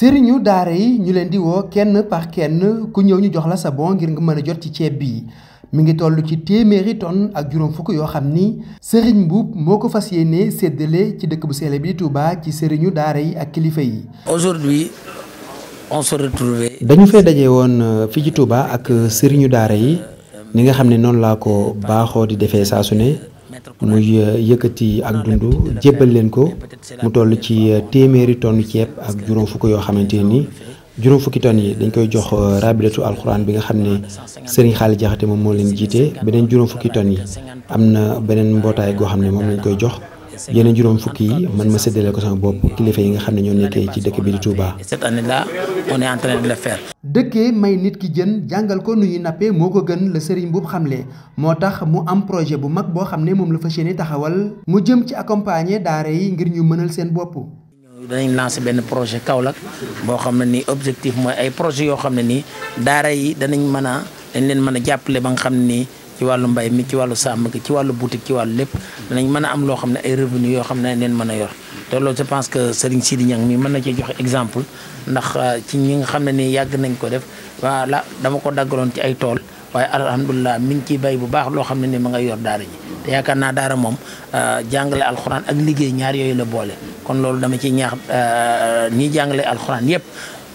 sëriñu daara yi ñu leen di woo kenn par kenn ku ñëw ñu jox la sa bon ngir nga mën a jot ci ceeb bi mu ngi toll ci téeméeri tonne ak juróom fukk yoo xam ni sëriñ Mboup moo ko fas yéenee seddale ci dëkk bu sell bi di Touba ci sëriñu daara yi ak kilifa yi. aujourd'hui on se dañu fee daje woon euh, fii ci Touba ak euh, sëriñu daara yi ni nga xam ne noonu laa ko baaxoo di defee saa ne. muy euh, yëkkati ak dund jébbal leen ko mu toll ci euh, téeméeri tonn ceeb ak juróom fukk yoo xamante ni juróom fukki tonn yi dañ koy jox euh, rabilatu alxuraan bi nga xam ne sëriñ xaali jaxate moom moo leen jiite beneen juróom fukki tonn yi am na beneen mbootaay goo xam ne moom lañ koy jox yeneen juróom fukki yi man ma seddalee ko sama bopp kilifa yi nga xam ne ñoo nekkee ci dëkk bi di Touba. dëkkee may nit ki jën jàngal ko nu ñuy nappee moo ko gën la sëriñ boobu xamle moo tax mu am projet bu mag boo xam ne moom la fas yéene taxawal mu jëm ci accompagner daara yi ngir ñu mënal seen bopp. danañ lancer benn projet Kaolack boo xam ne nii objectif mooy ay projet yoo xam ne nii daara yi danañ mën a dañ leen mën a jàppale ba nga xam ni ci wàllu mbay mi ci wàllu sàmm ki ci wàllu boutique ci wàllu lépp danañ mën a am loo xam ne ay revenu yoo xam ne dañ leen mën a yor. te loolu je pense que Serigne Sidi Niang mi mën na ci joxe exemple ndax euh, ci ñi nga xam ne ni yàgg nañ ko def waa la dama ko daggaloon ci ay tool waaye alhamdulilah mi ngi ciy bay bu baax loo xam ne ni ma ngay yor daara ji te yaakaar naa daara moom euh, jàngale alxuraan ak liggéey ñaar yooyu la boole kon loolu dama ci ñaax euh, ñi jàngale alxuraan yëpp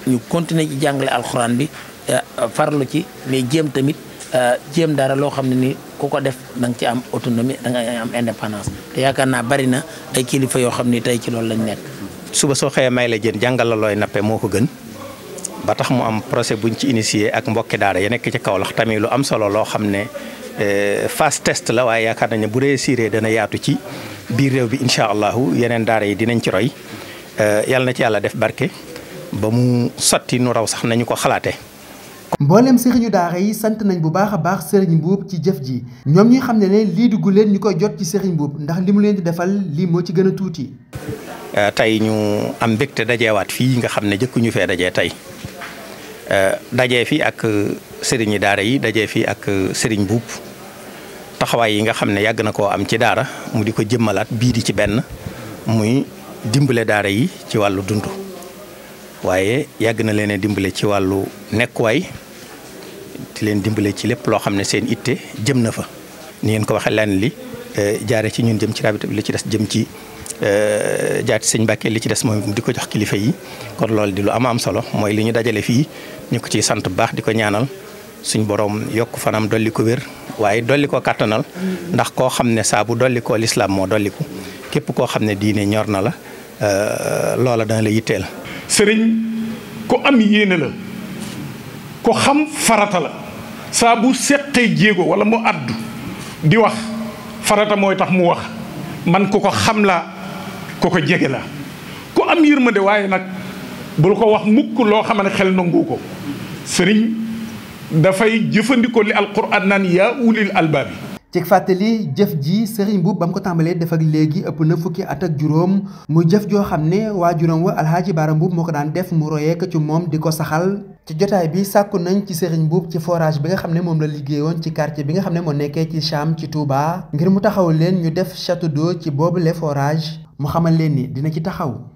ñu continuer ci jàngale alxuraan bi farlu ci mais jéem tamit jéem dara loo xam ne nii ku ko def da nga ci am autonomie da nga am indépendance te yaakaar naa bari na ay kilifa yoo xam ni tey ci loolu lañu nekk. suba soo xëyee may la jën jàngalalooy nappe moo ko gën ba tax mu am projet buñ ci initié ak mbokki daara ya nekk ci Kaolack tamit lu am solo loo xam ne eh, phase test la waaye yaakaar nañ ne bu réussiree dana yaatu ci biir bi incha allahu yeneen daara yi dinañ ci roy eh, yàlla na ci yàlla def barke ba mu sotti nu raw sax nañu ko xalaatee. mbooleem sëriñu daara yi sant nañ bu baax a baax sëriñ Mbuub ci jëf ji ñoom ñuy xam ne ne lii dugg leen ñu koy jot ci sëriñ Mbuub ndax li mu leen di defal lii moo ci gën a tuuti. Euh, tey ñu am mbégte dajeewaat fii nga xam ne jëkkuñu fee dajee tey euh, dajee fi ak sëriñi daara yi dajee fi ak sëriñ Mbuub taxawaay yi nga xam ne yàgg na koo am ci daara mu di ko jëmmalaat bii di ci benn muy dimbale daara yi ci wàllu dund. waaye yàgg na leen dimbale ci wàllu nekkuwaay di leen dimbale ci lépp loo xam ne seen itte jëm na fa ni ngeen ko waxee lan li eh, jaare ci ñun jëm ci rabita bi li ci des jëm ci eh, jaar sëñ Mbàkke li ci des moom di ko jox kilifa yi kon loolu di lu am am solo mooy li ñu dajale fii ñu ko ciy sant bu baax di ko ñaanal suñ borom yokk fanam dolli ko wér waaye dolli ko kàttanal mm-hmm. ndax koo xam ne saabu bu dolli koo lislaam moo dolliku képp koo xam ne diine ñor na la eh, loola dana la yitteel sëriñ ko am yéene la ku xam farata la saabu bu seqee jéego wala mu àddu di wax farata mooy tax mu wax man ku ko xam la ku ko jege la ku am yërmande waaye nag bul ko wax mukk loo xam ne xel nangu ko sëriñ dafay jëfandikoo li alquran naan yaa ulil albaab ci fàttali jëf ji Serigne Mboup ba mu ko tàmbalee def ak léegi ëpp na fukki at ak juróom muy jëf joo xam ne waajuram wa Alxaaji Baara Mboup moo ko daan def mu royeek ci moom di ko saxal ci jotaay bi sàkku nañ ci Serigne Mboup ci forage bi nga xam ne moom la liggéeyoon ci quartier bi nga xam ne moo nekkee ci Cham ci Touba ngir mu taxaw leen ñu def château d'eau ci boobu le forage mu xamal leen ni dina ci taxaw